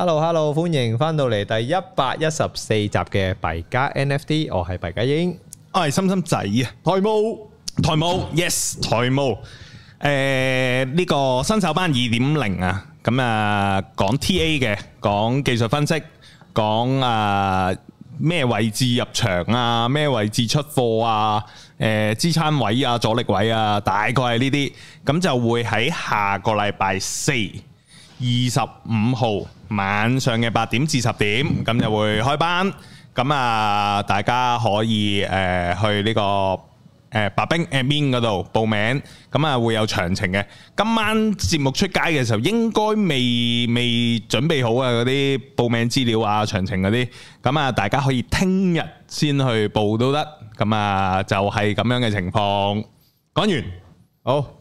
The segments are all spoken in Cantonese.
Hello，Hello，hello, 歡迎翻到嚟第一百一十四集嘅幣加 NFT，我係幣加鷹，我係心心仔啊，台務，台務 ，Yes，台務。誒、呃、呢、這個新手班二點零啊，咁啊講 TA 嘅，講技術分析，講啊咩位置入場啊，咩位置出貨啊，誒、啊、支撐位啊，阻力位啊，大概係呢啲，咁就會喺下個禮拜四。二十五號晚上嘅八點至十點，咁就會開班。咁啊，大家可以誒去呢個誒白兵 admin 嗰度報名。咁啊，會有詳情嘅。今晚節目出街嘅時候，應該未未準備好啊嗰啲報名資料啊、詳情嗰啲。咁啊，大家可以聽日先去報都得。咁啊，就係咁樣嘅情況。講完，好。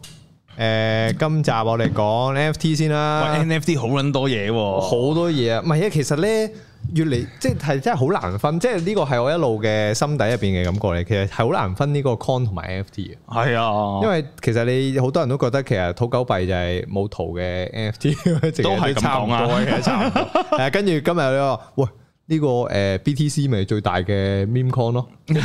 誒、呃，今集我哋講 NFT 先啦。NFT 好撚多嘢喎，好多嘢啊！唔係啊，其實咧越嚟即係真係好難分，即係呢個係我一路嘅心底入邊嘅感覺嚟。其實係好難分呢個 coin 同埋 NFT 嘅。係啊，因為其實你好多人都覺得其實土狗幣就係冇圖嘅 NFT，都係咁講啊，係 啊，跟住今日呢個喂。呢、這個誒、呃、BTC 咪最大嘅 Meme Coin 咯，又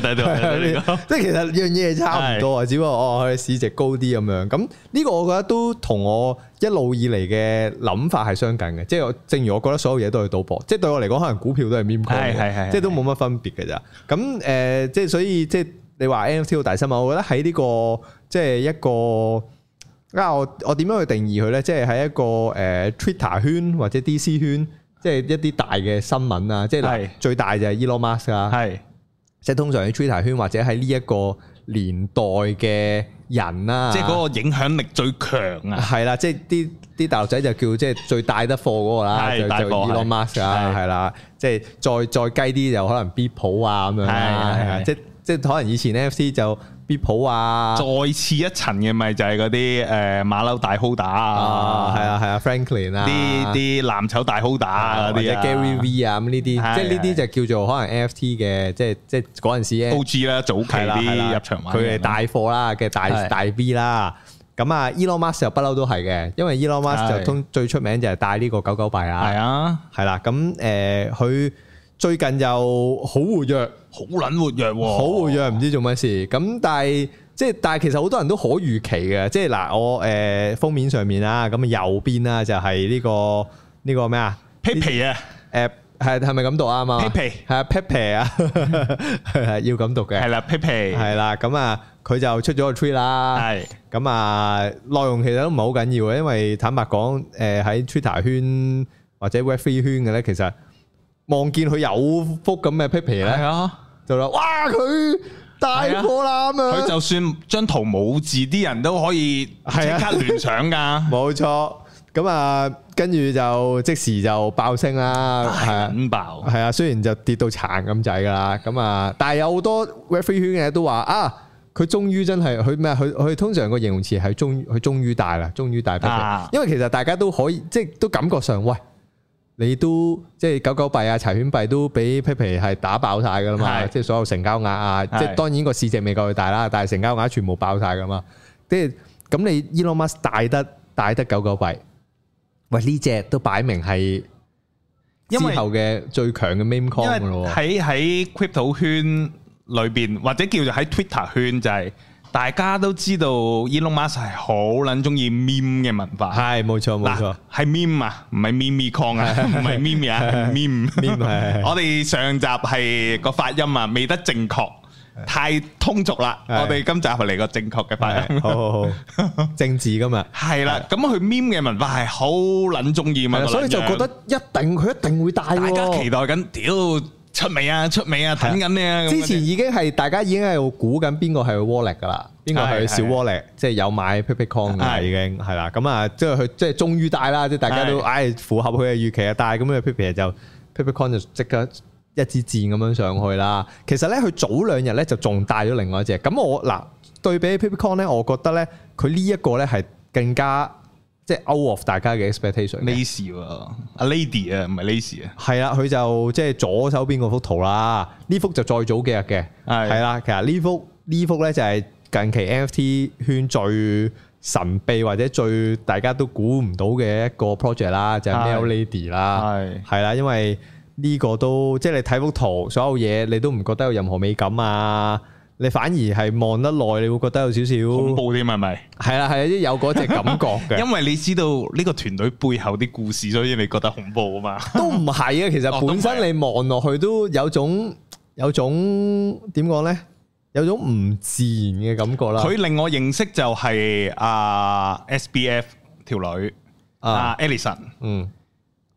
睇到，即係其實呢樣嘢係差唔多啊， 的只不過哦佢市值高啲咁樣。咁呢個我覺得都同我一路以嚟嘅諗法係相近嘅，即係正如我覺得所有嘢都係賭博，即係對我嚟講，可能股票都係 Meme Coin，係係係，即係都冇乜分別嘅咋。咁誒、呃，即係所以即係你話 NFT 大新聞，我覺得喺呢、這個即係一個啊，我我點樣去定義佢咧？即係喺一個誒、呃、Twitter 圈或者 DC 圈。即係一啲大嘅新聞啊！即係嗱，最大就係 Elon Musk 啊是！即係通常喺 Twitter 圈或者喺呢一個年代嘅人啦，即係嗰個影響力最強啊！係啦，即係啲啲大陸仔就叫即係最帶得貨嗰個啦， 就，就 Elon Musk 啊，係啦，即係再再雞啲就可能 B 浦啊咁樣啦，即係即係可能以前 n f c 就。Beeple 啊，再次一層嘅咪就係嗰啲誒馬騮大 holder 啊，係啊係啊，啊，Franklin 啊，啲啲藍籌大 holder 啊嗰啲、啊、Gary V 啊咁呢啲，是的 即係呢啲就叫做可能 NFT 嘅，即係即係嗰陣時 OG 啦，早期啲入場買，佢哋帶貨啦嘅大的大 B 啦，咁的啊 Elon Musk 又不嬲都係嘅，因為 Elon Musk 就通最出名就係帶呢個狗狗幣啊，係啊，係啦，咁誒佢。最近又好活躍，好撚活躍喎，好活躍唔知做乜事。咁但係即係，但係其實好多人都可預期嘅。即係嗱，我誒封面上面啊，咁右邊啊就係呢個呢個咩啊？Pepe 啊，誒係係咪咁讀啊？啱，Pepe 係啊，Pepe 啊，要咁讀嘅。係啦，Pepe 係啦，咁啊，佢就出咗個 tweet 啦。係咁啊，內容其實都唔係好緊要，因為坦白講，誒喺 Twitter 圈或者 Web Three 圈嘅咧，其實。望見佢有幅咁嘅 pepe 咧，就話哇佢大破啦咁啊！佢就、啊啊、就算張圖冇字，啲人都可以即刻聯想噶。冇錯是、啊，咁 啊，跟住就即時就爆升啦，係唉啊，咁爆係啊。雖然就跌到殘咁仔噶啦，咁啊，但係有好多 r e f e r 圈嘅都話啊，佢終於真係佢咩？佢佢通常個形容詞係終於，佢終於大啦，終於大 pepe。因為其實大家都可以，即係都感覺上喂。你都即係狗狗幣啊、柴犬幣都俾 pepe 打爆晒噶啦嘛，即係是所有成交額啊，是即係當然個市值未夠佢大啦，但係成交額全部爆晒噶嘛，即係咁你 Elon Musk 帶得帶得狗狗幣，喂呢隻都擺明係之後嘅最強嘅 meme coin、e、咯喎，喺喺了 crypto 圈裏邊或者叫做喺 Twitter 圈就係、是。大家都知道，Elon Musk 係好撚中意 meme 嘅文化，係冇錯冇錯，係 meme 啊，唔係 Mimi Kong 啊，唔係 Mimi 啊，meme。我哋上集係個發音啊，未得正確，太通俗啦。我哋今集係嚟個正確嘅發音。好好好，正字噶嘛。係啦，咁佢 meme 嘅文化係好撚中意啊，所以就覺得一定佢一定會帶。大家期待緊屌。出未啊，出未啊，等緊你啊！之前已經係大家已經係估緊邊個係 wallet 噶啦，邊個係小 wallet，即係的有買 Pepecoin 嘅，係已經係啦。咁啊，即係佢即係終於帶啦，即係的大家都唉的符合佢嘅預期啊。帶咁嘅 Pepe 就 Pepecoin 的就即刻一支箭咁樣上去啦。其實咧佢早兩日咧就仲帶咗另外一隻。咁我嗱對比 Pepecoin 咧，我覺得咧佢呢一個咧係更加。即係 out of 大家嘅 expectation，lady 喎，阿 lady 啊，唔係 lady 啊，係啦，佢就即係左手邊嗰幅圖啦，呢幅就再早幾日嘅，係啦的，其實呢幅呢幅咧就係近期 NFT 圈最神秘或者最大家都估唔到嘅一個 project 啦，就係、是、Milady 啦，係係啦，因為呢個都即係你睇幅圖，所有嘢你都唔覺得有任何美感啊。你反而係望得耐，你會覺得有少少恐怖添，係咪？係啦，係有嗰隻感覺嘅。因為你知道呢個團隊背後啲故事，所以你覺得恐怖啊嘛。都唔係啊，其實本身你望落去都有種，有種點講咧，有種唔自然嘅感覺啦。佢令我認識就係阿 SBF 條女啊，Ellison，嗯，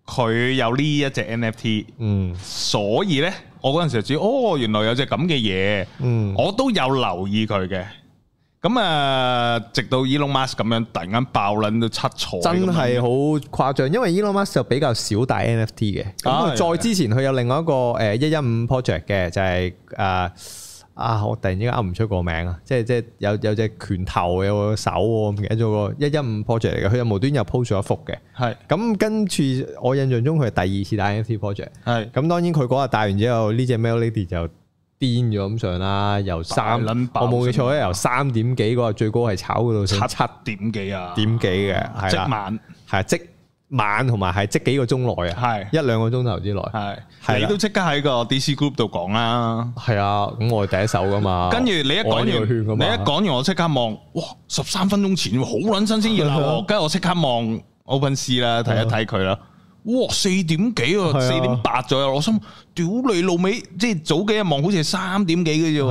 佢有呢一隻 NFT，嗯，所以咧。我嗰陣就知哦，原來有隻咁嘅嘢，嗯、我都有留意佢嘅。咁啊，直到 Elon Musk 咁樣突然間爆撚到七彩，真係好誇張。因為 Elon Musk 就比較少帶 NFT 嘅。咁再之前佢有另外一個誒一一五 project 嘅，就係、是、啊。呃啊！我突然之間拗唔出個名啊！即係即係有有隻拳頭有個手咁嘅一個一一五 project 嚟嘅，佢又無端又 po 咗一幅嘅。係咁，跟住我印象中佢係第二次打 NFT project。係咁，當然佢嗰日戴完之後呢隻 milady 就癲咗咁上啦，由三，我冇記錯咧，由三點幾嗰日最高係炒到先七點幾啊點幾嘅，即晚係啊即。晚同埋係即幾個鐘內啊，係一兩個鐘頭之內，係你都即刻喺個 DC Group 度講啦，係啊，咁我係第一手噶嘛。跟住你一講完，你一講完，我即刻望，哇，十三分鐘前好卵新鮮熱鬧，跟住我即刻望 OpenSea 啦，睇一睇佢啦。哇，四點幾啊，四點八左右。我心屌你老味，即係早幾日望好似係三點幾嘅啫。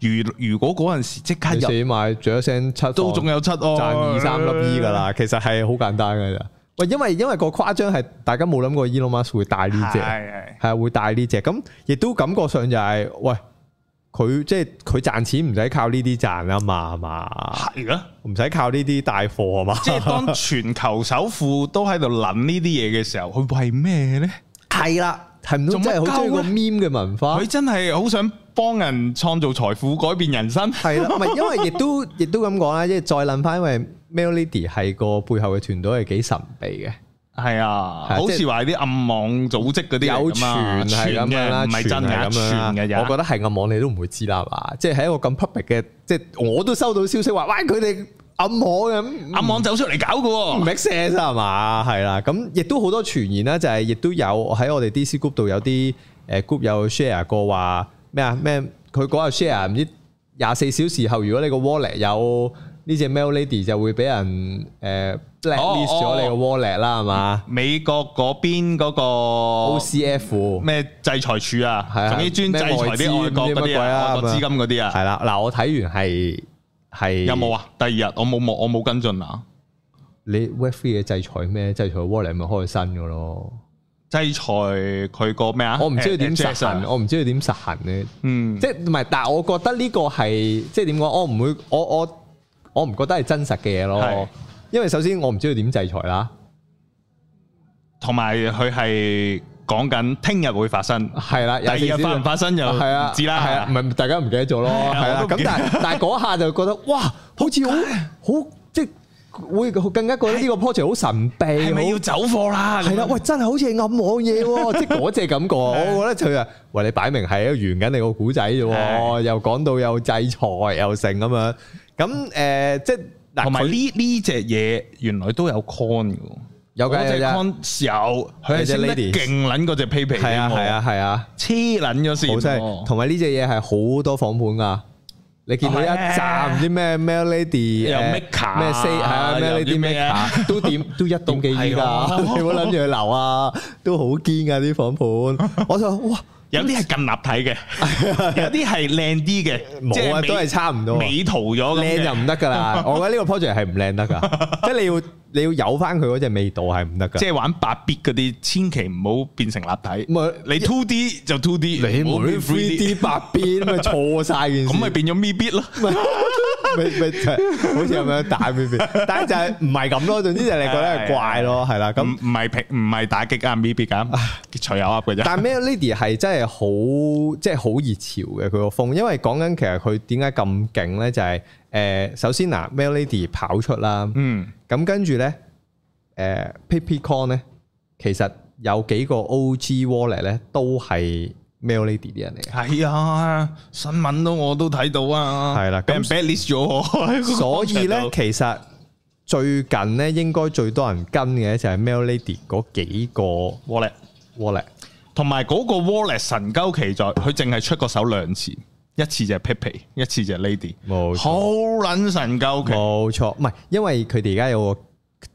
如如果嗰陣時即刻入，買仲有剩七，都仲有七，賺二三粒 E 噶啦。其實係好簡單嘅咋。因為因為個誇張係大家冇諗過 Elon Musk 會帶呢隻，係係係會帶呢隻，咁亦都感覺上就係、是、喂佢即係佢賺錢唔使靠呢啲賺啦嘛，係的嘛？係咯的，唔使靠呢啲帶貨啊嘛。即係當全球首富都喺度諗呢啲嘢嘅時候，佢為咩咧？係啦，係唔都真係好中意個 meme 嘅文化。佢真係好想幫人創造財富，改變人生。係 啦，唔係因為亦都亦都咁講啦，即係再諗翻，因為。Milady 係個背後嘅團隊係幾神秘嘅，係啊，好似話啲暗網組織嗰啲有傳，係咁樣，唔係真係咁樣。我覺得係暗網，你都唔會知啦嘛。即係喺一個咁 public 嘅，即係我都收到消息話，喂，佢哋暗網嘅，暗網走出嚟搞嘅，唔 make sense 啊嘛。係啦，咁亦都好多傳言啦，就係亦都有喺我哋 DC group 度有啲誒 group 有 share 過話咩啊咩，佢嗰日 share 唔知廿四小時後，如果你個 wallet 有。呢隻 Milady 就會俾人誒 blacklist 咗你個 wallet 啦，係嘛？美國嗰邊嗰個 OCF 咩制裁處啊，仲要專制裁啲外國啲外國資金嗰啲啊，係啦。嗱我睇完係係有冇啊？第二日我冇冇我冇跟進啊。你 w e f r e 嘅制裁咩？制裁 wallet 咪開新嘅咯？制裁佢個咩啊？我唔知佢點實行，我唔知佢點實行咧。嗯，即係唔係？但係我覺得呢個係即係點講？我唔會我我。我唔覺得係真實嘅嘢咯，因為首先我唔知佢點制裁啦，同埋佢係講緊聽日會發生，係啦，有啲嘢發生又係啊，知啦，係啊，唔係大家唔記得咗咯，係啦。咁但係但係嗰下就覺得，哇，好似好好，即係會更加覺得呢個 project 好神秘，係咪要走貨啦？係啦，喂，真係好似暗網嘢，即係嗰隻感覺，我覺得佢啊，喂，你擺明係一個完緊你個古仔咋，又講到又制裁又成咁樣。咁誒，即係同埋呢呢隻嘢原來都有 con 嘅，有嘅有。有佢係 Lady 勁撚嗰隻 pepe，係啊係啊係啊，黐撚咗先，好犀。同埋呢隻嘢係好多仿盤噶，你見到一紮唔知咩 Milady 啊 Mika 咩 say 係啊，咩 Lady Mika 都點都一檔幾二噶，你唔好諗住去留啊，都好堅噶啲仿盤。我就哇。有啲係近立體嘅，有啲係靚啲嘅，即係都係差唔多。美圖咗靚就唔得噶啦，我覺得呢個 project 係唔靚得噶，即係你要你要有翻佢嗰隻味道係唔得噶，即係玩 8bit 嗰啲，千祈唔好變成立體。唔係你 two D 就 two D，你冇 three D 8bit 咁咪錯晒件事。咁咪變咗咪邊咯？好似咁樣打咪咪，但係就係唔係咁咯，總之就係你覺得係怪咯，係啦，咁唔係唔係打擊啊 BB 噶，隨口噏嘅啫。但係 Milady 係真係好，即係好熱潮嘅佢個風，因為講緊其實佢點解咁勁咧，就係誒，首先嗱，Milady 跑出啦，嗯，咁跟住咧，誒，Pipcorn 咧，其實有幾個 O.G. Wallet 咧都係。milady 啲人嚟，嘅，係啊，新聞都我都睇到啊，係啦，咁 badlist 咗我。 所以咧，其實最近咧，應該最多人跟嘅就係 milady 嗰幾個 wallet，wallet，同埋嗰個 wallet 神鳩奇在，佢淨係出過手兩次，一次就係 Pepe，一次就係 Lady，冇錯，好卵神鳩期。冇錯，唔係，因為佢哋而家有個，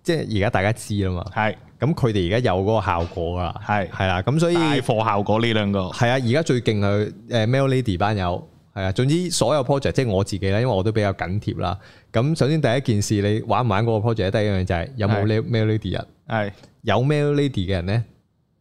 即係而家大家知吖嘛，係。咁佢哋而家有嗰個效果啦，係係啦，咁所以帶貨效果呢兩個，係啊，而家最勁佢誒 milady 班友，係啊，總之所有 project 即係我自己咧，因為我都比較緊貼啦。咁首先第一件事，你玩唔玩嗰個 project？第一樣就係有冇呢 milady 人，係的有 milady 嘅人咧。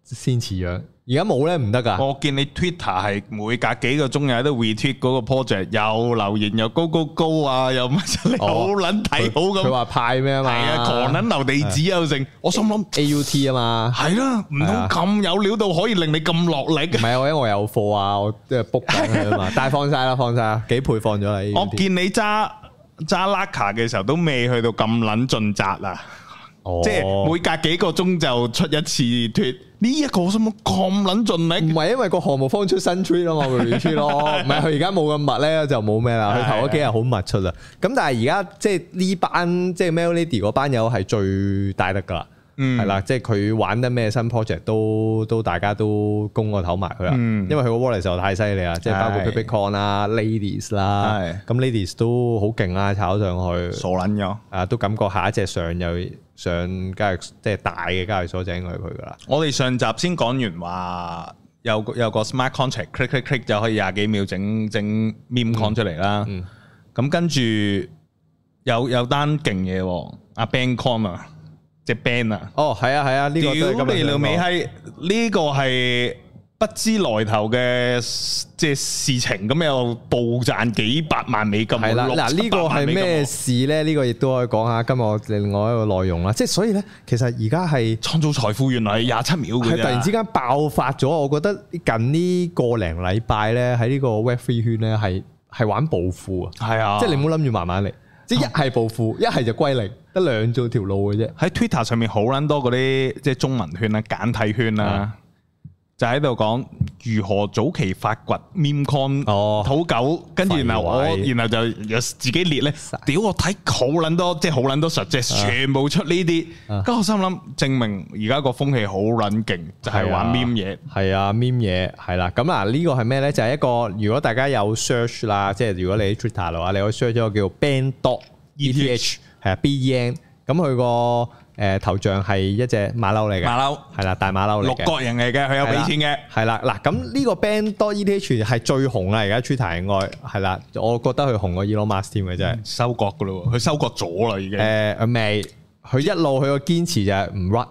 先似樣，而家冇咧唔得噶。我見你 Twitter 係每隔幾個鐘有啲 Retweet 嗰個 project，又留言又高高高啊，又乜又撚睇、哦、又好咁。佢話派咩啊嘛？係啊，狂撚留地址、啊、又剩。我心諗 A U T 啊嘛。係、啊、啦，唔通咁有料到可以令你咁落力？唔係啊，我因為我有貨啊，我即係 book 緊啊嘛。 但係放曬啦，放晒。幾倍放咗你。我見你揸揸 l a 嘅時候都未去到咁撚盡責啦。即係每隔幾個鐘就出一次脫，呢一個我心諗咁卵盡咪？唔係因為個項目方出新 tree 咯嘛，佢出咯，唔係佢而家冇咁密咧，就冇咩啦。佢頭嗰幾日好密出啊。咁但係而家即係呢班即係 Milady 嗰班友係最大力噶啦。係啦，即係佢玩得咩新 project 都都大家都供個頭埋佢啦，因為佢個 Wallace 又太犀利啦，即係包括 Big Con 啊 Ladies 啦，咁 Ladies 都好勁啦炒上去，傻卵咗，啊都感覺下一隻上又。上交易、就是、所即係大嘅交易所，整佢該佢噶啦。我哋上集先講完話，有有個 smart contract click click click 就可以廿幾秒整整 mem c o n 出嚟啦。咁、嗯嗯、跟住有有單勁嘢，阿 Ben coin 啊，係 Ben 啊。哦、這個，係啊，係、這、啊、個，呢個咁你老味閪，呢個係。不知來頭嘅即係事情，咁又暴賺幾百萬美金。係啦的，嗱呢、這個係咩事咧？呢個亦都可以講下今日另外一個內容啦。即、就、係、是、所以咧，其實而家係創造財富，原來係廿七秒。係突然之間爆發咗，我覺得近個呢個零禮拜咧，喺呢個 Web Three 圈咧，係係玩暴富啊。係啊的，即係你唔好諗住慢慢嚟，即、就、係、是、一係暴富，啊、一係就歸零，得兩條路嘅啫。喺 Twitter 上面好捻多嗰啲即係中文圈啊、簡體圈啊。就喺度講如何早期發掘 meme con、哦、土狗，跟住然後我位然後就自己列咧，殺屌我睇好捻多，即、就、係、是、好捻多實，即係全部出呢啲。咁、啊、我心諗、啊、證明而家個風氣好捻勁，就係、是、玩 meme、啊啊、meme 嘢。係啊 meme 嘢係啦。咁啊、這個、呢個係咩咧？就係、是、一個如果大家有 search 啦，即係如果你 t 出大路啊，你可以 search 咗個叫 ben dot eth 係、e、TH, 啊 BEN。咁佢、那個。誒頭像係一隻馬騮嚟嘅，馬騮係啦，大馬騮嚟嘅，六角形嚟嘅，佢有俾錢嘅，係啦，嗱咁呢個 b a n d 多 e t h 係最紅啊！而家 Twitter 係啦，我覺得佢、e、紅過 Elon Musk 添嘅啫，係，收割噶咯，佢收割咗啦已經了了。誒未、 呃？佢一路佢個堅持就係唔 r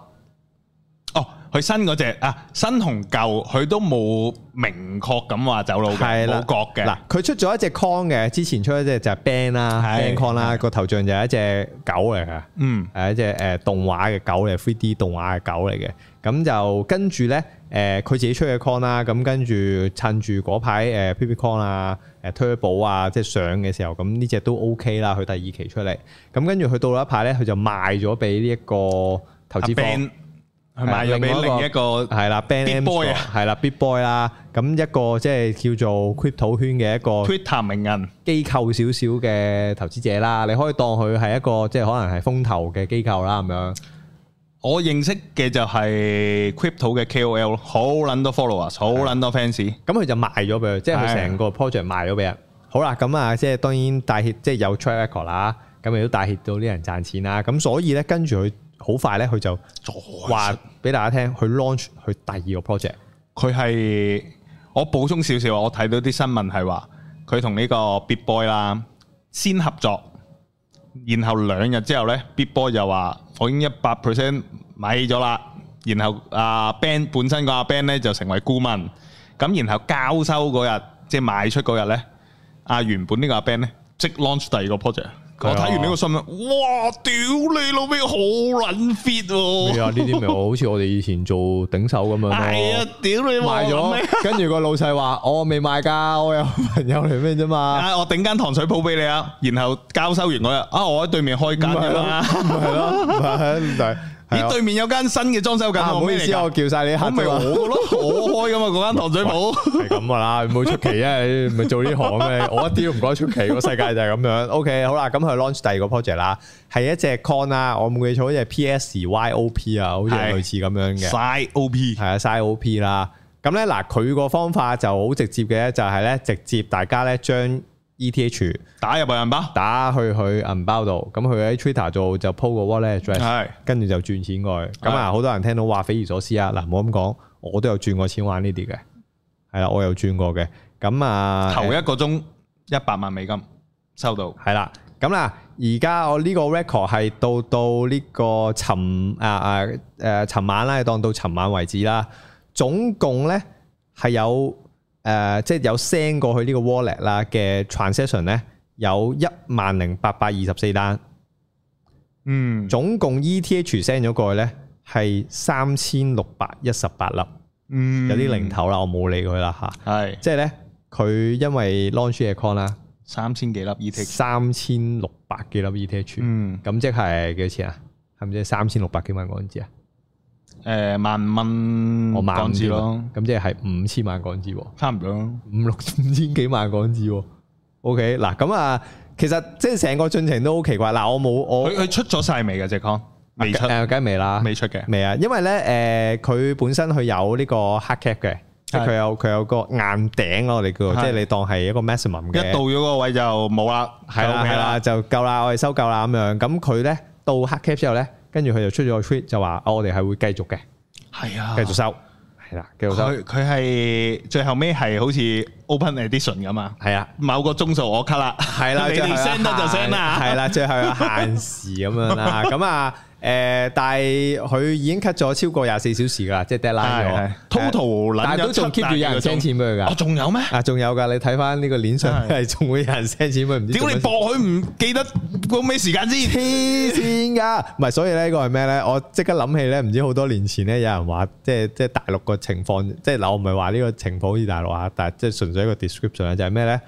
佢新嗰隻啊，新同舊佢都冇明確咁話走佬嘅，冇割嘅。嗱，佢出咗一隻 con 嘅，之前出一隻就係 ban 啦，ban con 啦，個 yeah. 頭像就係一隻狗嚟嘅，嗯、mm.，係一隻誒動畫嘅狗嚟，three D 動畫嘅狗嚟嘅。咁就跟住咧，誒、呃、佢自己出嘅 con 啦，咁、呃、跟住趁住嗰排誒 Pepe Con 啊，誒 Turbo 啊，即、就、係、是、上嘅時候，咁呢隻都 O、OK、K 啦。佢第二期出嚟，咁跟住佢到咗一排咧，佢就賣咗俾呢一個投資方。賣咗俾另一個係啦，Big Boy 啊，係啦，Big Boy 啦，咁一個即係叫做 Crypto 圈嘅一個 Twitter 名人機構少少嘅投資者啦，你可以當佢係一個即係可能係風投嘅機構啦咁樣。我認識嘅就係 Crypto 嘅 KOL 咯，好捻多 followers，好捻多 fans。咁佢就賣咗俾佢，即係佢成個 project 賣咗俾人。好啦，咁啊，即係當然帶挈，即係有 track record 啦。咁亦都帶挈到啲人賺錢啦。咁所以咧，跟住佢。好快咧，佢就話俾大家聽，去 launch 佢第二個 project。佢係，我補充少少，我睇到啲新聞係話，佢同呢個 Big Boy 啦先合作，然後兩日之後咧，Big Boy 又話我已經一百 percent 買咗啦。然後阿、啊、Ben 本身個阿、啊、Ben 咧就成為顧問，咁然後交收嗰日，即係賣出嗰日咧，阿、啊、原本個、啊、呢個阿 Ben 咧即 launch 第二個 project。我睇完呢個新聞，哇！屌你老味、啊，好卵 fit 喎！係啊，呢啲咪好似我哋以前做頂手咁樣咯。係啊、哎，屌你賣咗！跟住個老細話： 我未賣噶，我有朋友嚟咩啫嘛？啊，我頂間糖水鋪俾你啊！然後交收完嗰、那、日、個，啊，我喺對面開間啊嘛，係咯，唔係。 咦，對面有間新嘅裝修緊，我咩嚟噶？唔好意思，我叫晒你行。咪我咯，我開噶嘛，嗰間糖水鋪。係咁噶啦，唔好出奇啊！咪做呢行咩？我一啲都唔覺得出奇。個世界就係咁樣。OK，好啦，咁佢 launch 第二個 project 啦，係一隻 con 啊，我冇記錯，好似係 PSYOP 啊，好似類似咁樣嘅。SIOP 係啊，SIOP 啦。咁咧嗱，佢個方法就好直接嘅，就係咧直接大家咧將。ETH 打入去銀包，打去去銀包度，咁佢喺 Twitter 做就鋪個 wallet address 咧，跟住就轉錢過去。咁是啊，好多人聽到話匪夷所思啊！嗱，唔好咁講，我都有轉過錢玩呢啲嘅，係啦，我有轉過嘅。咁啊，頭一個鐘一百萬美金收到，係啦。咁啦、啊，而家我呢個 record 係到到呢個尋啊啊誒尋、啊、晚啦，當到尋晚為止啦，總共咧係有。誒、呃，即係有 send 過去個呢個 wallet 啦嘅 transaction 咧，有一萬零八百二十四單，嗯，總共 ETH send 咗過去咧係三千六百一十八粒，嗯，有啲零頭啦，我冇理佢啦嚇，係，即係咧佢因為 launch account 啦，三千幾粒 ETH，三千六百幾粒 ETH，嗯，咁即係幾多錢啊？係咪即係三千六百幾萬港紙啊？誒，萬蚊港紙咯，咁即係五千萬港紙，差唔多，五六五千幾萬港紙。OK，嗱，咁啊，其實即係成個進程都好奇怪。嗱，我冇我佢佢出咗晒未㗎隻康？未出，誒，梗係未啦，未出嘅，未啊。因為咧，誒，佢本身佢有呢個黑 cap 嘅，即係佢有佢有個硬頂咯，我哋叫，即係你當係一個 maximum 嘅。一到咗嗰位就冇啦，係啦，OK 啦，就夠啦，我哋收夠啦咁樣。咁佢咧到黑 cap 之後咧，跟住佢就出咗個 tweet 就話、哦，我哋係會繼續嘅，係啊，啊，繼續收，係啦，繼續收。佢佢係最後尾係好似 open edition 咁啊，係啊，某個鐘數我 cut 啦，係啦，你 send 得就 send 啦，係啦，最後、啊、限時咁樣啦，咁 啊。誒、呃，但係佢已經 cut 咗超過廿四小時噶啦，即係 deadline 咗，total。但係都仲 keep 住有人 send 錢俾佢噶，哦，仲有咩？啊，仲有噶、啊，你睇翻呢個鏈上係仲的會有人 send 錢俾。只要你博佢唔記得個咩時間先，天線噶。唔係，所以咧呢個係咩咧？我即刻諗起咧，唔知好多年前咧，有人話即係即係大陸個情況，即係嗱，我唔係話呢個情報好似大陸啊，但係即係純粹一個 description 就係咩咧，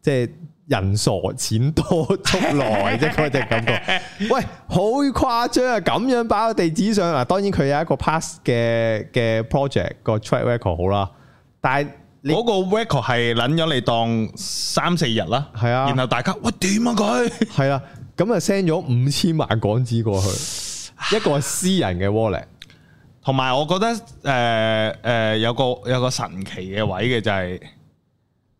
即係。人傻錢多速來啫，嗰隻感覺。 喂，好誇張啊！咁樣擺喺地址上啊，當然佢有一個 pass 嘅嘅 project 個 track record 好啦。但係嗰個 record 係攬咗你當三四日啦，係啊。然後大家，喂，點啊佢？係啊，咁啊 send 咗五千萬港紙過去， 一個私人嘅 wallet。同埋，我覺得誒誒、呃呃、有個有個神奇嘅位嘅就係、是。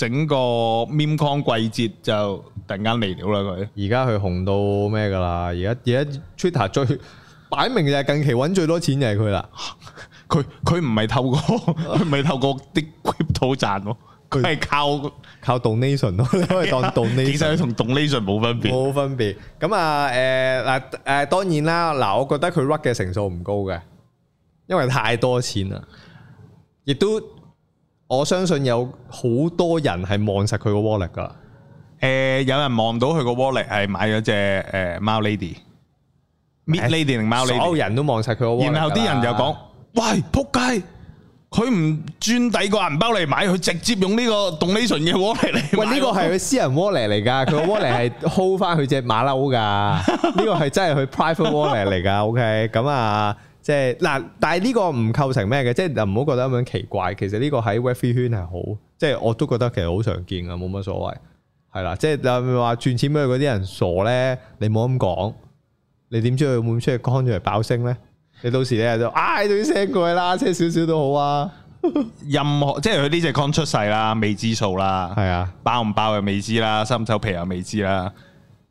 整個 MemeCoin 季節就突然間嚟咗啦佢，而家佢紅到咩噶啦？而家而家 Twitter 最擺明就近期揾最多錢就係佢啦。佢佢唔係透過唔係透過啲 group 度賺喎，佢係靠靠 donation 咯，係當 donation。其實佢同 donation 冇分別。冇分別。咁啊誒嗱誒，當然啦嗱，我覺得佢 rug 嘅成數唔高嘅，因為太多錢啦，亦都。我相信有好多人係望實佢個 wallet 噶，誒有人望到佢個 wallet 係買咗隻誒貓 Lady，Milady，所有人都望曬佢個 wallet，然後啲人就講：喂，撲街！佢唔專底個銀包嚟買，佢直接用呢個 donation 嘅 wallet 嚟。喂，呢個係佢私人 wallet 嚟㗎，佢個 wallet 係 hold 翻佢隻馬騮㗎，呢個係真係佢 private wallet 嚟㗎，OK，咁啊。即係嗱，但係呢個唔構成咩嘅，即係又唔好覺得咁樣奇怪。其實呢個喺 Web3 圈係好，即係我都覺得其實好常見啊，冇乜所謂。係啦，即係又唔係話轉錢俾佢嗰啲人傻咧？你冇咁講，你點知佢會唔會出嘅康就嚟爆升咧？你到時你又就唉，仲、啊、要升過啦，升少少都好啊。任何即係佢呢隻康出世啦，未知數啦，係啊，爆唔爆又未知啦，收唔收皮又未知啦。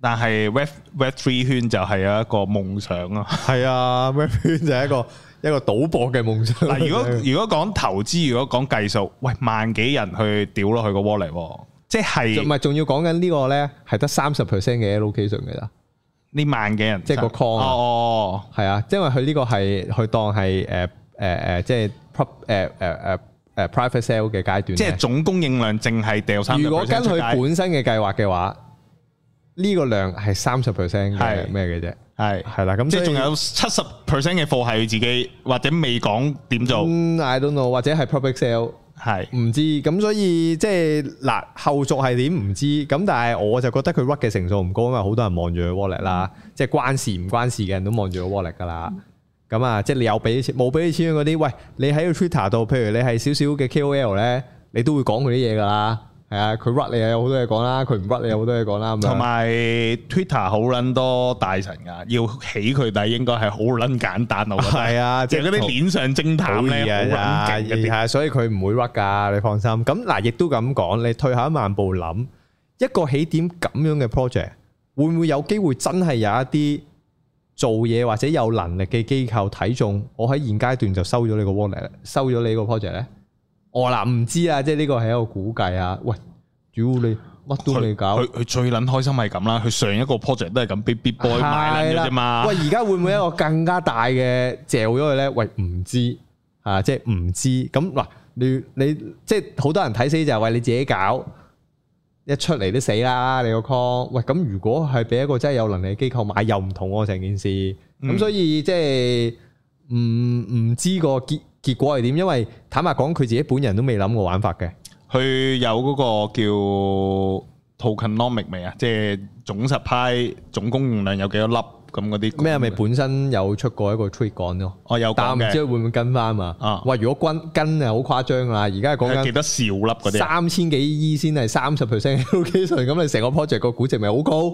但係 Web Web Three 圈就係有一個夢想咯、啊 啊，係啊，Web 圈就係一個一個賭博嘅夢想、啊果。嗱， 如果如果講投資，如果講計數，喂，萬幾人去屌落去個 wallet，即係唔係？仲要講緊呢個咧、哦，係得三十 percent 嘅 allocation 嘅咋？呢萬幾人，即係個 call。哦哦係啊，因為佢呢個係去當係誒誒誒，即係 p r 誒誒誒誒 private sale 嘅階段，即係總供應量淨係掉三。如果跟佢本身嘅計劃嘅話。呢個量係三十 percent 係咩嘅啫？係係啦，咁即係仲有七十 percent 嘅貨係佢自己或者未講點做？嗯，I don't know，或者係 public sale，係唔知。咁所以即係嗱後續係點唔知？咁但係我就覺得佢蝕嘅成數唔高，因為好多人望住佢 wallet 啦，即係關事唔關事嘅人都望住佢 wallet 噶啦。咁啊，即係你有俾啲錢，冇俾啲錢嗰啲，喂，你喺個 Twitter 度，譬如你係少少嘅 KOL 咧，你都會講佢啲嘢噶啦。係啊，佢屈你啊，有好多嘢講啦；佢唔屈你，有好多嘢講啦。同埋 Twitter 好撚多大神噶，要起佢底，應該係好撚簡單咯。係啊，即係嗰啲線上偵探咧，好撚勁，係所以佢唔會屈噶，你放心。咁嗱，亦都咁講，你退後一萬步諗，一個起點咁樣嘅 project，會唔會有機會真係有一啲做嘢或者有能力嘅機構睇中？我喺現階段就收咗你個 money，收咗你個 project 咧？我嗱，唔知啊，即係呢個係一個估計啊。喂，主要你乜都你搞，佢佢最捻開心係咁啦。佢上一個 project 都係咁，俾 Big Boy 買咗啫嘛。的喂，而家會唔會一個更加大嘅借咗佢咧？喂，唔知吓，即係唔知。咁嗱，你你即係好多人睇死就係喂你自己搞，一出嚟都死啦。你個 call 喂，咁如果係俾一個真係有能力嘅機構買，又唔同喎，啊，成件事。咁所以即係唔唔知，那個結。結果係點？因為坦白講，佢自己本人都未諗過玩法嘅。佢有嗰個叫 tokenomic 未啊？即係總十派總供應量有幾多粒咁嗰啲？咩？咪本身有出過一個 tweet 講咯。我有，但係唔知佢會唔會跟翻嘛？啊！喂，如果跟跟啊，好誇張啦！而家講緊幾多兆粒嗰啲？三千幾 E 先係三十 percent token，咁你成個 project 個估值咪好高？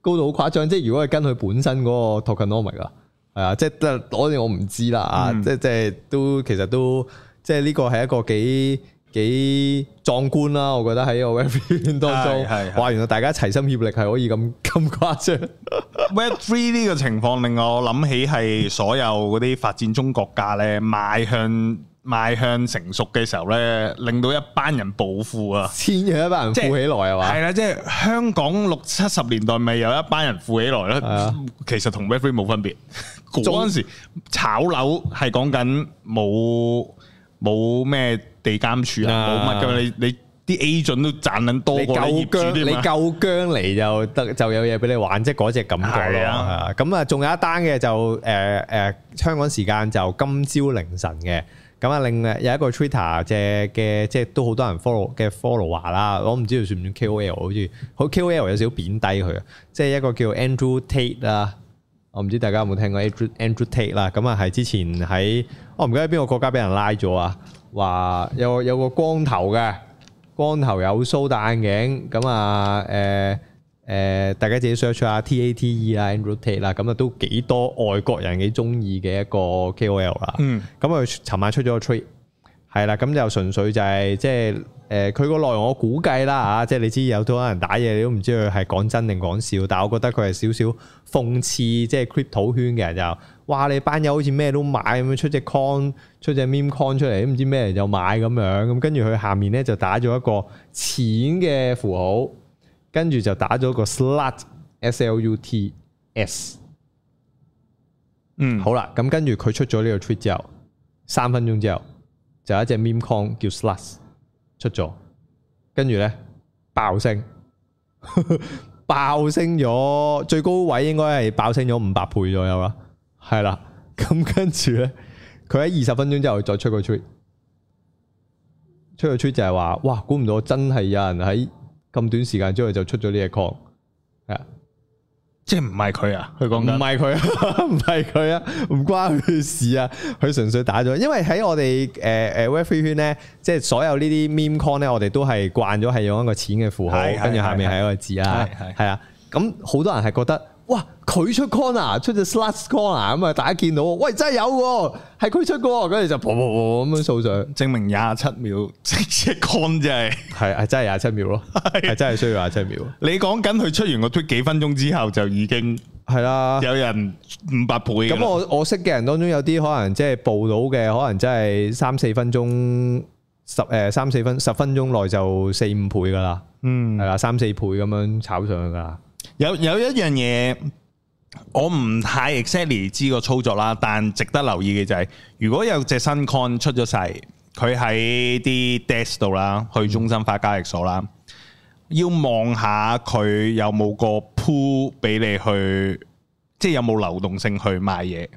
高到好誇張！即係如果係跟佢本身嗰個 tokenomic 啊。係啊，即係攞住我唔知啦啊！即係即係都其實都即係呢個係一個幾幾壯觀啦，我覺得喺個 Web Three 當中，係哇！原來大家齊心協力係可以咁咁誇張。Web Three 呢個情況令我諗起係所有嗰啲發展中國家咧，邁向邁向成熟嘅時候咧，令到一班人暴富啊，先有一班人富起來啊嘛！係啦，即係香港六七十年代咪有一班人富起來咧，其實同 Web Three 冇分別。嗰陣時炒樓係講緊冇冇咩地監處啊，冇乜咁，你你啲 agent 都賺緊多過業主，啲你夠姜嚟就得就有嘢俾你玩即嗰隻感覺咯。咁啊，仲、啊、有一單嘅就誒誒、呃呃，香港時間就今朝凌晨嘅。咁啊，另外有一個 Twitter 嘅嘅即係都好多人 follow 嘅 follower，話啦，我唔知道算唔算 KOL，好似好 KOL 有少少貶低佢啊。即係一個叫 Andrew Tate 啊。我唔知大家有冇聽過 Andrew Tate 啦，咁啊係之前喺我唔記得喺邊個國家俾人拉咗啊，話有有個光頭嘅，光頭有鬚戴眼鏡，咁啊誒誒，大家自己 search 出下 T A T E 啦，Andrew Tate 啦，咁啊都幾多外國人幾中意嘅一個 K O L 啦，嗯，咁啊尋晚出咗個 tweet，係啦，咁就純粹就係即係。誒佢個內容我估計啦嚇、啊，即係你知有多人打嘢，你都唔知佢係講真定講笑。但係我覺得佢係少少諷刺，即係 crypto 圈嘅人就哇，你班友好似咩都買咁樣出隻 con 出隻 meme coin 出嚟都唔知咩人就買咁樣咁。跟住佢下面咧就打咗一個錢嘅符號，跟住就打咗個 slut s l u t s。L u、t s, 嗯，好啦，咁跟住佢出咗呢個 tweet 之後，三分鐘之後就有一隻 meme coin 叫 slut。出咗，跟住咧爆升，爆升咗 最高位應該係爆升咗五百倍左右啦，係啦，咁跟住咧，佢喺二十分鐘之後再出個 tweet，出個 tweet 就係話，哇，估唔到真係有人喺咁短時間之內就出咗呢隻礦啊！即係唔係佢啊？佢講嘅唔係佢啊，唔係佢啊，唔關佢事啊。佢純粹打咗，因為喺我哋誒誒 Web3 圈咧，即係所有呢啲 Meme Coin 咧，我哋都係慣咗係用一個錢嘅符號，跟住下面係一個字啊，係是啊。咁好多人係覺得。哇！佢出 con 啊，出隻 slash con 啊。咁啊！大家見到，喂，真係有喎，係佢出過，跟住就噃噃噃咁樣掃上，證明廿七秒即刻 con，真係係係真係廿七秒咯，係，真係需要廿七秒。你講緊佢出完個 tweet 幾分鐘之後就已經係啦，有人五百倍。咁、啊、我我識嘅人當中有啲可能即係報到嘅，可能真係三四分鐘十誒三四分十分鐘內就四五倍噶啦，嗯係啊三四倍咁樣炒上去噶。有有一樣嘢，我唔太 exactly 知個操作啦，但值得留意嘅就係，如果有隻新 Con 出咗世，佢喺啲 Desk 度啦，去中心化交易所啦，要望下佢有冇個 Pool 俾你去，即係有冇流動性去賣嘢。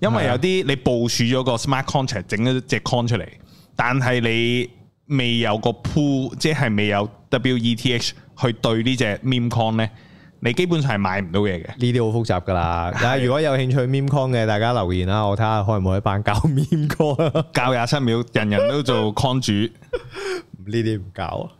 因為有啲你部署咗個 Smart Contract 整咗隻 Con 出嚟，但係你未有個 Pool，即係未有 WETH 去對呢隻 Meme Con 咧。你基本上係買唔到嘢嘅，呢啲好複雜㗎啦。但係是的 如果有興趣 meme coin 嘅，大家留言啦，我睇下可唔可以班教 meme coin，教廿七秒， 人人都做 coin 主。 呢啲唔搞，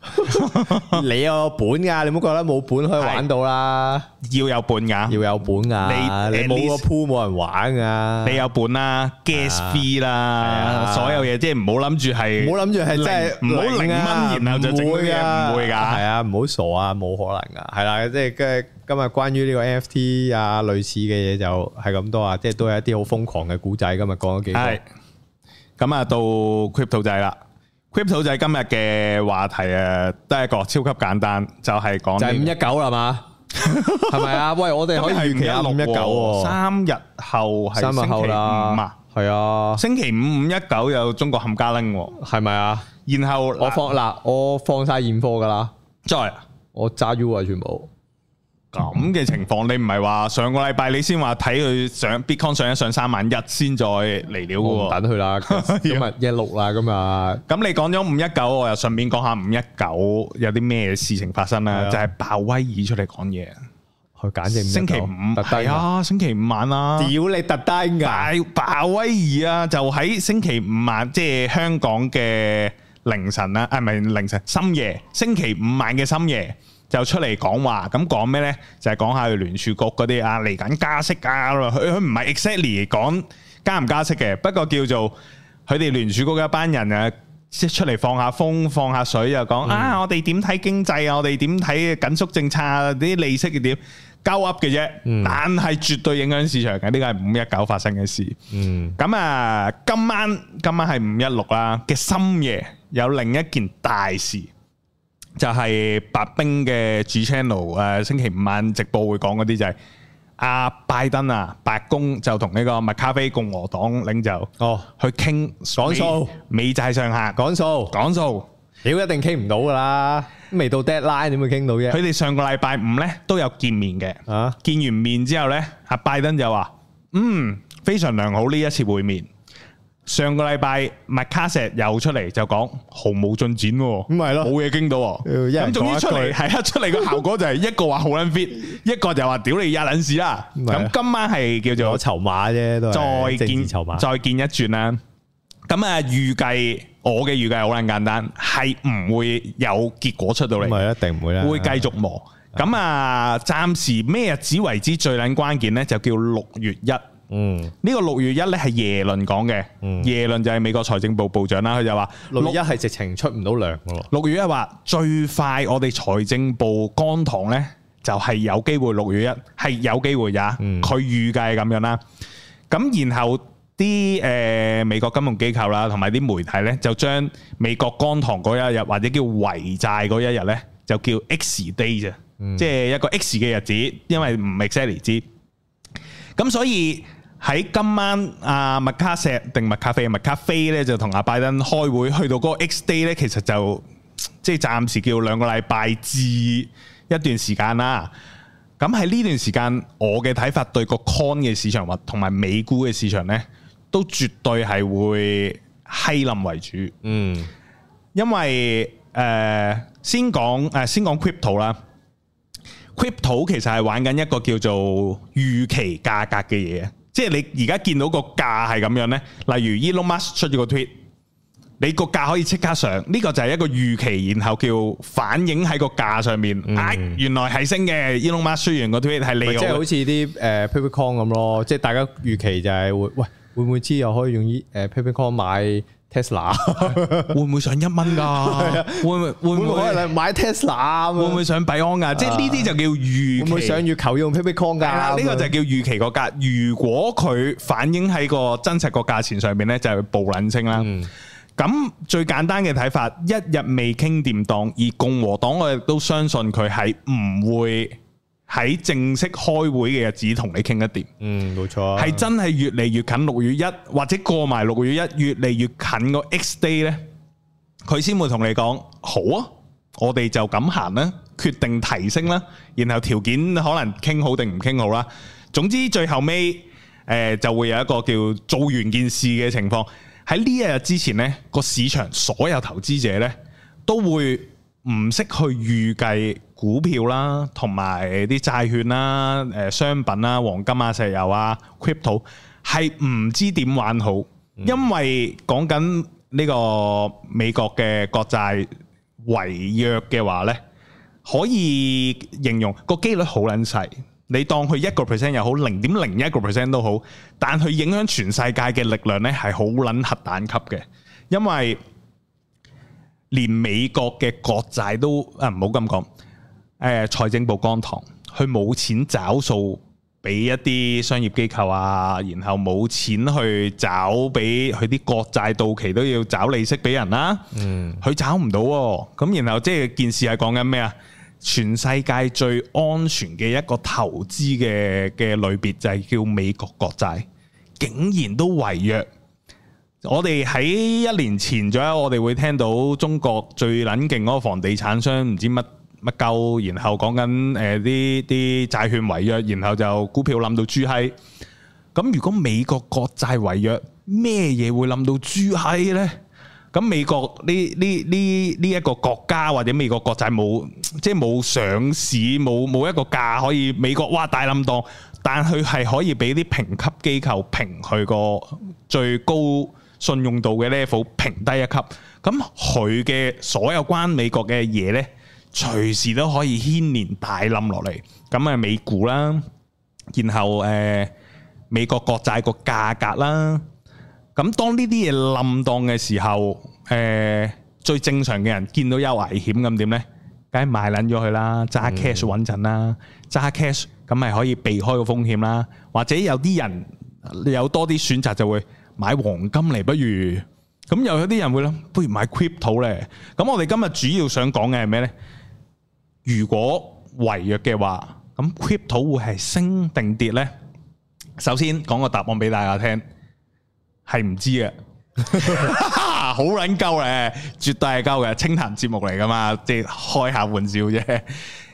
你有本噶，你唔好覺得冇本可以玩到啦，要有本噶，要有本噶，你冇個鋪冇人玩噶，你有本啦，gas fee 啦，係啊，所有嘢即係唔好諗住係，唔好諗住係即係唔好零蚊，然後就整嘢，唔會噶，係啊，唔好傻啊，冇可能噶，係啦，即係今日今日關於呢個 NFT 啊類似嘅嘢就係咁多啊，即係都係一啲好瘋狂嘅古仔，今日講咗幾多，咁啊到 Crypto 仔啦。Crypto 就係今日嘅話題誒，第一個超級簡單，就係、是、講就係五一九啦嘛，係咪 啊？喂，我哋可以預期啊！五一九，三日後係、啊、三日後啦，係啊，星期五、啊啊、星期五、五一九有中國冚家拎喎，係咪啊？是是啊，然後我放嗱辣，我放晒現貨噶啦，在我揸 U 啊，全部。咁嘅情況，你唔係話上個禮拜你先話睇佢上 Bitcoin 上一上三萬一先再嚟了嘅喎，等佢啦，今日一六啦，今日咁你講咗五一九，我又順便講下五一九有啲咩事情發生啦，就係鮑威爾出嚟講嘢，佢簡直星期五係啊，星期五晚啦，屌你特低牙，鮑威爾啊，就喺星期五晚，即係香港嘅凌晨啦，啊唔係凌晨深夜，星期五晚嘅深夜。就出嚟講話，咁講咩呢？就係講下聯儲局嗰啲啊，嚟緊加息啊！佢佢唔係 exactly 講加唔加息嘅，不過叫做佢哋聯儲局一班人啊，即出嚟放下風放下水，就講啊，我哋點睇經濟啊，我哋點睇緊縮政策啊啲利息嘅點鳩噏嘅啫。但係絕對影響市場嘅，呢個係五一九發生嘅事。咁啊，今晚今晚係五一六啦嘅深夜，有另一件大事。就係白兵嘅主 channel，誒星期五晚直播會講嗰啲就係阿拜登啊，白宮就同呢個麥卡錫共和黨領袖哦去傾講數，美債上下講數講數，屌一定傾唔到噶啦，未到 deadline 點會傾到啫？佢哋上個禮拜五咧都有見面嘅，啊見完面之後咧，阿拜登就話嗯非常良好呢一次會面。上個禮拜麥卡錫又出嚟就講毫無進展，咁咪咯，冇嘢驚到。咁總之出嚟係啊，出嚟個效果就係一個話好卵 fit，一個就話屌你呀卵屎啦。咁今晚係叫做籌碼啫，都再見籌碼，再見一轉啦。咁啊，預計我嘅預計好卵簡單，係唔會有結果出到嚟，唔係一定唔會啦，會繼續磨。咁啊，暫時咩日子為之最卵關鍵咧，就叫六月一。嗯，呢個六月一咧係耶倫講嘅，嗯、耶倫就係美國財政部部長啦，佢就話六,六月一係直情出唔到糧。六月一話最快我哋財政部乾糖咧就係有機會, 1, 有機會，六月一係有機會呀，佢預計咁樣啦。咁然後啲誒、呃、美國金融機構啦，同埋啲媒體咧就將美國乾糖嗰一日或者叫圍債嗰一日咧就叫 X day 啫、嗯，即係一個 X 嘅日子，因為唔係 exactly 咁所以。喺今晚阿麥、啊、卡錫定麥卡菲，麥卡菲咧就同阿拜登開會，去到嗰個 X Day 咧，其實就即係暫時叫兩個禮拜至一段時間啦。咁喺呢段時間，我嘅睇法對個 Coin 嘅市場或同埋美股嘅市場咧，都絕對係會欺冧為主。嗯，因為誒、呃、先講誒、呃、先講 Crypto 啦，Crypto 其實係玩緊一個叫做預期價格嘅嘢。即係你而家見到個價係咁樣咧，例如 Elon Musk 出咗個 tweet，你個價可以即刻上，呢、這個就係一個預期，然後叫反映喺個價上面。嗯嗯哎，原來係升嘅，Elon Musk 輸完個 tweet 係利好。即係好似啲誒 Pepecoin 咁咯，即係大家預期就係、是、會，喂，會唔會知又可以用依誒 Pepecoin 買？Tesla 會唔會上一蚊噶？ 啊、會唔會會唔會買 Tesla？會唔會上幣安噶？ 即係呢啲就叫預期。 會唔會上月球要用 pepe coin 噶？呢個就叫預期個價。 如果佢反映喺個真實個價錢上面咧，就係暴冷清啦。咁最簡單嘅睇法，一日未傾掂當，而共和黨我哋都相信佢係唔會。喺正式開會嘅日子同你傾一啲，嗯，冇錯、啊，係真係越嚟越近六月一，或者過埋六月一，越嚟越近個 X day 呢，佢先會同你講好啊，我哋就咁行啦，決定提升啦，然後條件可能傾好定唔傾好啦，總之最後尾誒、呃、就會有一個叫做完件事嘅情況，喺呢一日之前呢，個市場所有投資者呢，都會唔識去預計。股票啦，同埋啲債券啦、誒商品啦、黃金啊、石油啊、crypto 係唔知點玩好，嗯、因為講緊呢個美國嘅國債違約嘅話呢，可以形容個機率好撚細，你當佢一個 percent 又好，零點零一個 percent 都好，但佢影響全世界嘅力量呢，係好撚核彈級嘅，因為連美國嘅國債都，啊唔好咁講。誒、呃、財政部光堂，佢冇錢找數，俾一啲商業機構啊，然後冇錢去找俾佢啲國債到期都要找利息俾人啦、啊。嗯，佢找唔到、啊，咁然後即係件事係講緊咩啊？全世界最安全嘅一個投資嘅嘅類別就係叫美國國債，竟然都違約。我哋喺一年前左右，我哋會聽到中國最撚勁嗰個房地產商唔知乜。咪救，然後講緊誒啲啲債券違約，然後就股票冧到豬閪。咁如果美國國債違約，咩嘢會冧到豬閪呢？咁美國呢呢呢呢一個國家或者美國國債冇即係冇上市，冇冇一個價可以美國哇大冧檔，但佢係可以俾啲評級機構評佢個最高信用度嘅 level 評低一級。咁佢嘅所有關美國嘅嘢呢，隨時都可以牽連大冧落嚟，咁啊美股啦，然後誒、呃、美國國債個價格啦，咁當呢啲嘢冧當嘅時候，誒、呃、最正常嘅人見到有危險咁點呢？梗係賣捻咗佢啦，揸 cash 穩陣啦，揸 cash 咁咪可以避開個風險啦，或者有啲人有多啲選擇就會買黃金嚟，不如咁又有啲人會諗，不如買 crypto 咧，咁我哋今日主要想講嘅係咩呢？如果違約嘅話，咁 Crypto 會係升定跌呢？首先講個答案俾大家聽，係唔知啊！ 好卵鳩咧，絕對係鳩嘅，清談節目嚟噶嘛，即係開下玩笑啫。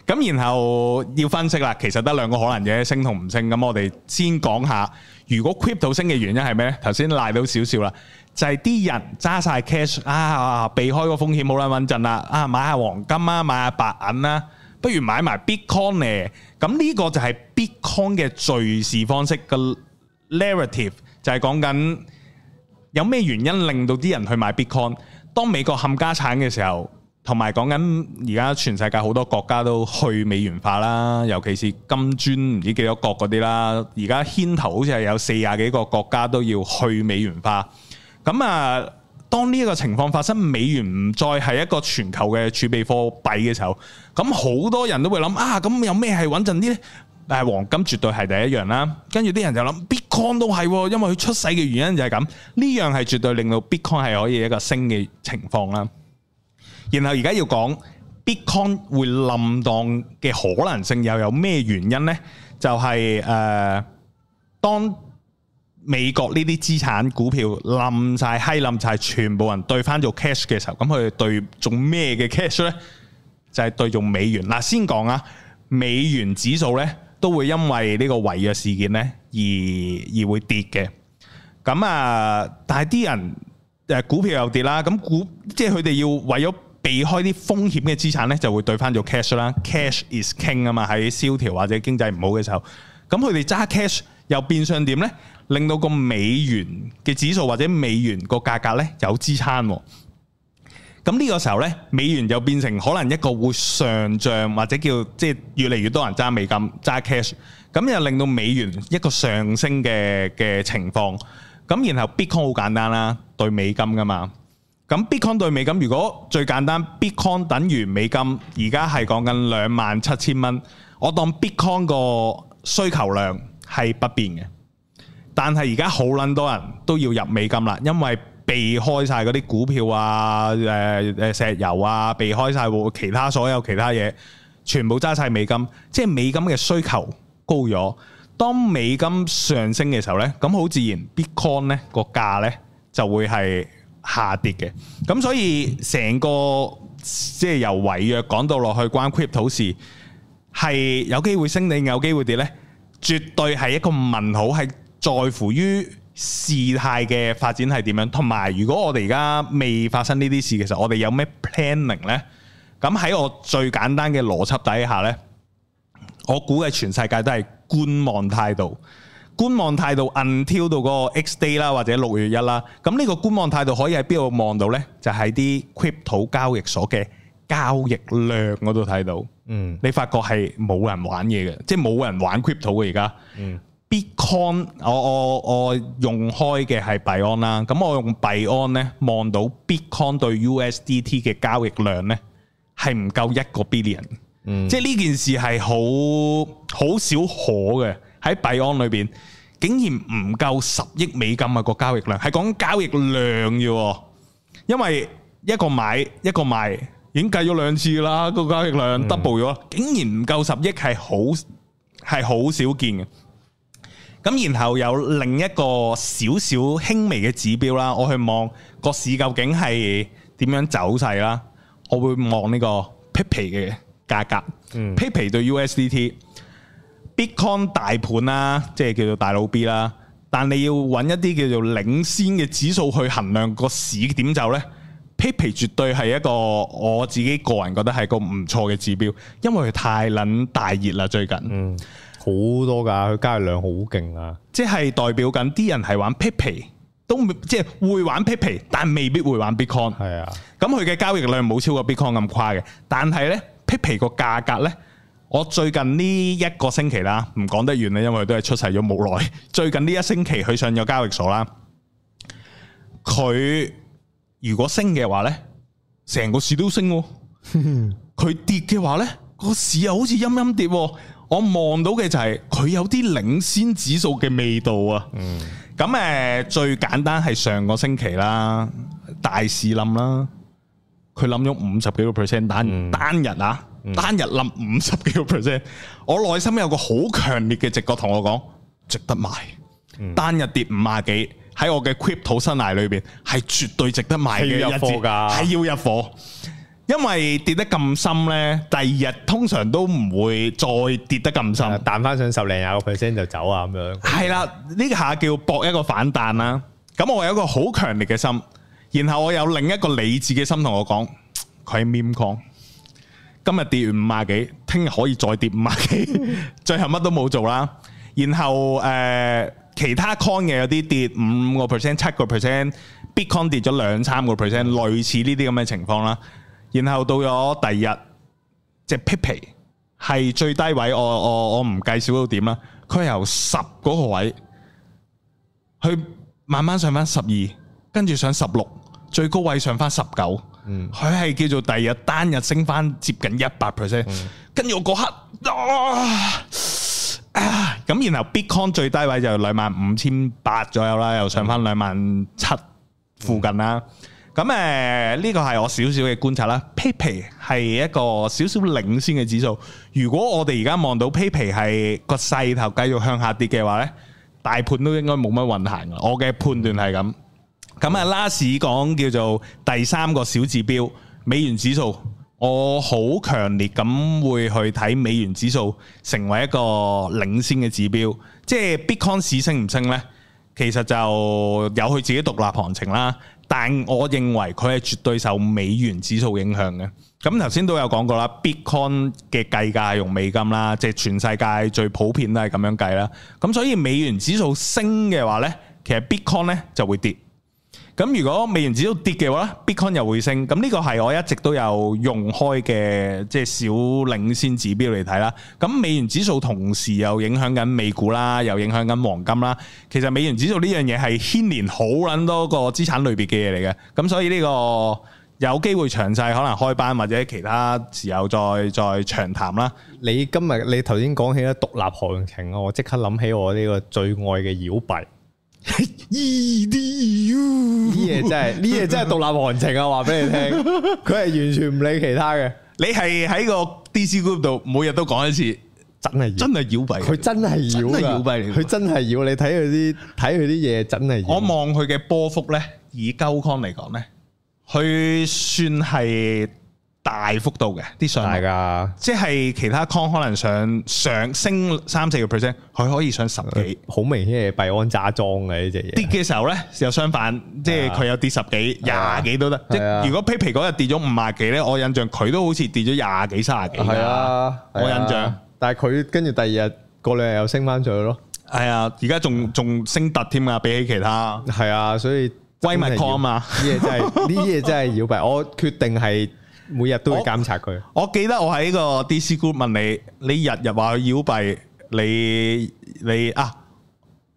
咁然後要分析啦，其實得兩個可能嘅，升同唔升。咁我哋先講下，如果 Crypto 升嘅原因係咩咧？頭先賴到少少啦。就係啲人揸晒 cash 啊，避開個風險冇啦穩陣啦，啊買下黃金啊，買下白銀啦、啊，不如買埋 Bitcoin 咧。咁呢個就係 Bitcoin 嘅敘事方式嘅 narrative，就係講緊有咩原因令到啲人去買 Bitcoin。當美國冚家產嘅時候，同埋講緊而家全世界好多國家都去美元化啦，尤其是金磚唔知幾多國嗰啲啦。而家牽頭好似係有四十幾個國家都要去美元化。咁啊，當呢個情況發生，美元唔再係一個全球嘅儲備貨幣嘅時候，咁好多人都會諗啊，咁有咩係穩陣啲呢？誒，黃金絕對係第一樣啦。跟住啲人就諗，Bitcoin 都係，因為佢出世嘅原因就係咁，呢樣係絕對令到 Bitcoin 係可以一個升嘅情況啦。然後而家要講 Bitcoin 會冧蕩嘅可能性又有咩原因呢？就係誒，當。美國呢啲資產股票，冧晒，嗨冧晒，全部人兌翻做 cash 嘅時候，咁佢哋兌做咩嘅 cash 咧？就係兌做美元。嗱，先講啊，美元指數咧都會因為呢個違約事件咧而而會跌嘅。咁啊，但係啲人誒，啊，股票又跌啦，咁股即係佢哋要為咗避開啲風險嘅資產咧，就會兌翻做 cash 啦。Cash is king 啊嘛，喺蕭條或者經濟唔好嘅時候，咁佢哋揸 cash。又變相點呢？令到個美元嘅指數或者美元個價格呢，有支撐，哦。咁呢個時候呢，美元就變成可能一個會上漲或者叫即係越嚟越多人揸美金揸 cash，咁又令到美元一個上升嘅嘅情況。咁然後 Bitcoin 好簡單啦、啊，對美金㗎嘛。咁 Bitcoin 對美金，如果最簡單 Bitcoin 等於美金，而家係講緊兩萬七千蚊，我當 Bitcoin 個需求量。係不變嘅，但係而家好捻多人都要入美金啦，因為避開曬嗰啲股票啊，誒、呃、誒石油啊，避開晒其他所有其他嘢，全部揸晒美金，即係美金嘅需求高咗，當美金上升嘅時候呢，咁好自然 Bitcoin 呢個價呢就會係下跌嘅，咁所以成個即係由違約講到落去關 Crypto 事，係有機會升定有機會跌呢？絕對係一個問號，係在乎於事態嘅發展係點樣，同埋如果我哋而家未發生呢啲事，其實我哋有咩 planning 呢？咁喺我最簡單嘅邏輯底下呢，我估嘅全世界都係觀望態度，觀望態度 until 到嗰個 X day 啦，或者六月一啦。咁呢個觀望態度可以喺邊度望到呢？就喺、是、啲 crypto 交易所嘅。交易量我都睇到，你發覺係冇人玩嘢嘅，即係冇人玩 crypto 而家。Bitcoin，我我我用開嘅係幣安啦，咁我用幣安咧望到 Bitcoin 對 USDT 嘅交易量咧係唔夠一個 billion，即係呢件事係好好少可嘅。喺幣安裏邊竟然唔夠十億美金嘅個交易量，係講交易量啫。因為一個買一個賣。已經計咗兩次啦，個交易量 double 咗，嗯、竟然唔夠十億，係好係好少見嘅。咁然後有另一個少少輕微嘅指標啦，我去望個市究竟係點樣走勢啦。我會望呢個 Pepe 嘅價格，Pepe 對 USDT、嗯、USD T, Bitcoin 大盤啦，即係叫做大佬 B 啦。但你要揾一啲叫做領先嘅指數去衡量個市點走呢。Pippi 絕對係一個我自己個人覺得係個唔錯嘅指標，因為太捻大熱啦最近、嗯，好多噶、啊、交易量好勁啊！即係代表緊啲人係玩 Pippi，都即係會玩 Pippi，但未必會玩 Bitcoin。係啊，咁佢嘅交易量冇超過 Bitcoin 咁誇嘅。但係呢 Pippi 個價格呢，我最近呢一個星期啦，唔講得完，啦，因為都係出世咗冇耐，最近呢一星期佢上咗交易所啦，佢。如果升嘅話呢，成個市都升、哦；佢 跌嘅話呢個市又好似陰陰跌、哦。我望到嘅就係佢有啲領先指數嘅味道啊！咁誒、嗯，最簡單係上個星期啦，大市冧啦，佢冧咗五十幾個 percent，單、嗯、單日啊，嗯、單日冧五十幾個 percent。我內心有個好強烈嘅直覺，同我講值得買。單日跌五廿幾。喺我嘅 Crypto 生涯裏邊，係絕對值得買嘅一貨㗎，係要入貨，因為跌得咁深呢，第二日通常都唔會再跌得咁深，彈翻上十零廿個 percent 就走啊咁樣。係啦，呢下叫搏一個反彈啦。咁我有一個好強烈嘅心，然後我有另一個理智嘅心同我講，佢係 meme coin 今日跌完五廿幾，聽日可以再跌五廿幾， 最後乜都冇做啦。然後誒。呃其他 coin 嘅有啲跌五個 percent、七個 percent，Bitcoin 跌咗兩三個 percent，類似呢啲咁嘅情況啦。然後到咗第二日，即係 pepe 係最低位，我我我唔計少到點啦。佢由十嗰個位，佢慢慢上翻十二，跟住上十六，最高位上翻十九。嗯，佢係叫做第二日單日升翻接近一百 percent。跟住我嗰刻、啊咁、啊、然後 Bitcoin 最低位就兩萬五千八左右啦，又上返兩萬七附近啦。咁、嗯、誒，呢、這個係我少少嘅觀察啦。Pepe 係一個少少領先嘅指數。如果我哋而家望到 Pepe 係個勢頭繼續向下跌嘅話呢，大盤都應該冇乜運行、嗯、我嘅判斷係咁。咁啊 Last,、嗯 S, 嗯、 講叫做第三個小指標，美元指數。我好強烈咁會去睇美元指數成為一個領先嘅指標，即係 Bitcoin 市升唔升呢？其實就有佢自己獨立行情啦，但我認為佢係絕對受美元指數影響嘅。咁頭先都有講過啦，Bitcoin 嘅計價用美金啦，即係全世界最普遍都係咁樣計啦。咁所以美元指數升嘅話呢，其實 Bitcoin 呢就會跌。咁如果美元指數跌嘅話，呢 Bitcoin 又會升。咁呢個係我一直都有用開嘅，即係小領先指標嚟睇啦。咁美元指數同時又影響緊美股啦，又影響緊黃金啦。其實美元指數呢樣嘢係牽連好捻多個資產類別嘅嘢嚟嘅。咁所以呢個有機會詳細可能開班或者其他時候再再長談啦。你今日你頭先講起咗獨立行情，我即刻諗起我呢個最愛嘅妖幣。呢嘢 真係，呢嘢真係獨立行情啊！話俾你聽，佢係完全唔理其他嘅。你係喺個 D C group 度，每日都講一次，真係真係妖幣。佢真係妖，真係妖幣。佢真係妖。你睇佢啲睇佢啲嘢，真係。我望佢嘅波幅咧，以鳩康嚟講咧，佢算係。大幅度嘅啲上落，即係其他 con 可能上上升三四個 percent，佢可以上十幾，好明顯係幣安揸莊嘅呢隻嘢。跌嘅時候咧，又相反，即係佢有跌十幾、廿幾都得。即係如果 pepe 嗰日跌咗五廿幾咧，我印象佢都好似跌咗廿幾、卅幾。係啊，我印象。但係佢跟住第二日過兩日又升翻上去咯。係啊，而家仲仲升突添啊！比起其他，係啊，所以威物 con 啊，呢嘢真係呢嘢真係要避。我決定係。每日都會監察佢。我記得我喺個 DC Group 問你，你日日話佢妖幣，你你啊，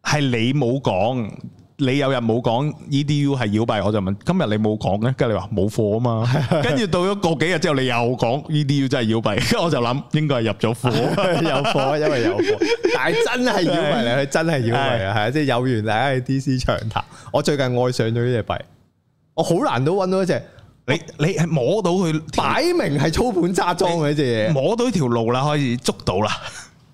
係你冇講，你有日冇講 E D U 係妖幣，我就問今日你冇講咧，跟住你話冇貨啊嘛，跟住到咗個幾日之後，你又講 E D U 真係妖幣，跟住我就諗應該係入咗貨，有貨因為有貨，但係真係妖幣嚟，佢真係妖幣啊，係啊，即係有緣嚟啊！大家去 DC 長談，我最近愛上咗呢隻幣，我好難都揾到一隻。你你係摸到佢擺明係操盤揸莊嘅一隻嘢，摸到條路啦，開始捉到啦。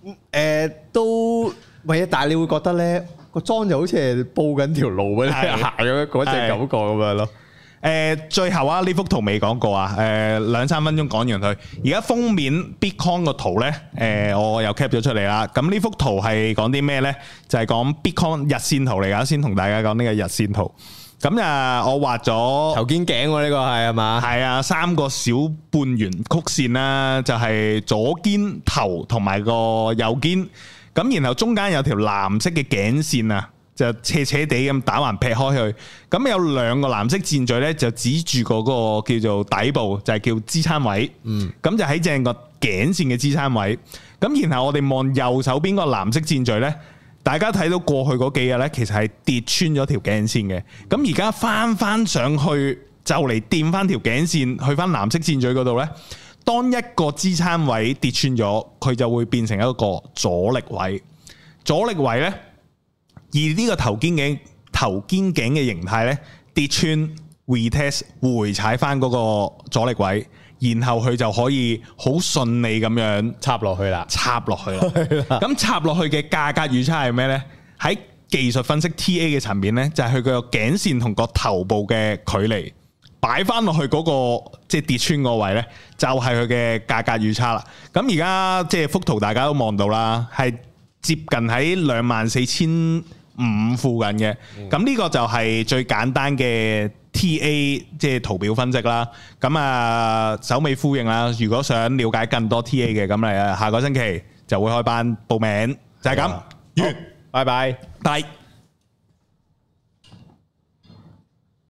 誒、呃，都唔係，但係你會覺得咧個莊就好似係鋪緊條路咁樣行咁樣嗰隻感覺咁樣咯。誒、呃，最後啊，呢幅圖未講過啊。誒、呃，兩三分鐘講完佢。而家封面 Bitcoin 個圖咧，誒、呃，我又 cap 咗出嚟。啦。咁呢幅圖係講啲咩咧？就係、是、講 Bitcoin 日線圖嚟㗎。先同大家講呢個日線圖。咁啊！我畫咗頭肩頸呢個係啊嘛，係啊三個小半圓曲線啦，就係左肩頭同埋個右肩，咁然後中間有條藍色嘅頸線啊，就斜斜地咁打橫劈開去，咁有兩個藍色箭嘴咧就指住嗰個叫做底部，就係叫支撐位。嗯，咁就喺正個頸線嘅支撐位。咁然後我哋望右手邊個藍色箭嘴咧。大家睇到過去嗰幾日呢，其實係跌穿咗條頸線嘅。咁而家翻翻上去就嚟墊翻條頸線，去翻藍色線嘴嗰度呢，當一個支撐位跌穿咗，佢就會變成一個阻力位。阻力位呢，而呢個頭肩頸頭肩頸嘅形態呢，跌穿 retest 回踩翻嗰個阻力位。然後佢就可以好順利咁樣插落去啦，插落去啦。咁 插落去嘅價格預測係咩呢？喺技術分析 TA 嘅層面呢、那個，就係佢個頸線同個頭部嘅距離擺翻落去嗰個即係跌穿個位呢，就係佢嘅價格預測啦。咁而家即係幅圖大家都望到啦，係接近喺兩萬四千五附近嘅。咁呢個就係最簡單嘅。TA 即係圖表分析啦，咁啊首尾呼應啦。如果想了解更多 TA 嘅，咁嚟啊，下個星期就會開班報名，就係咁。拜拜，第。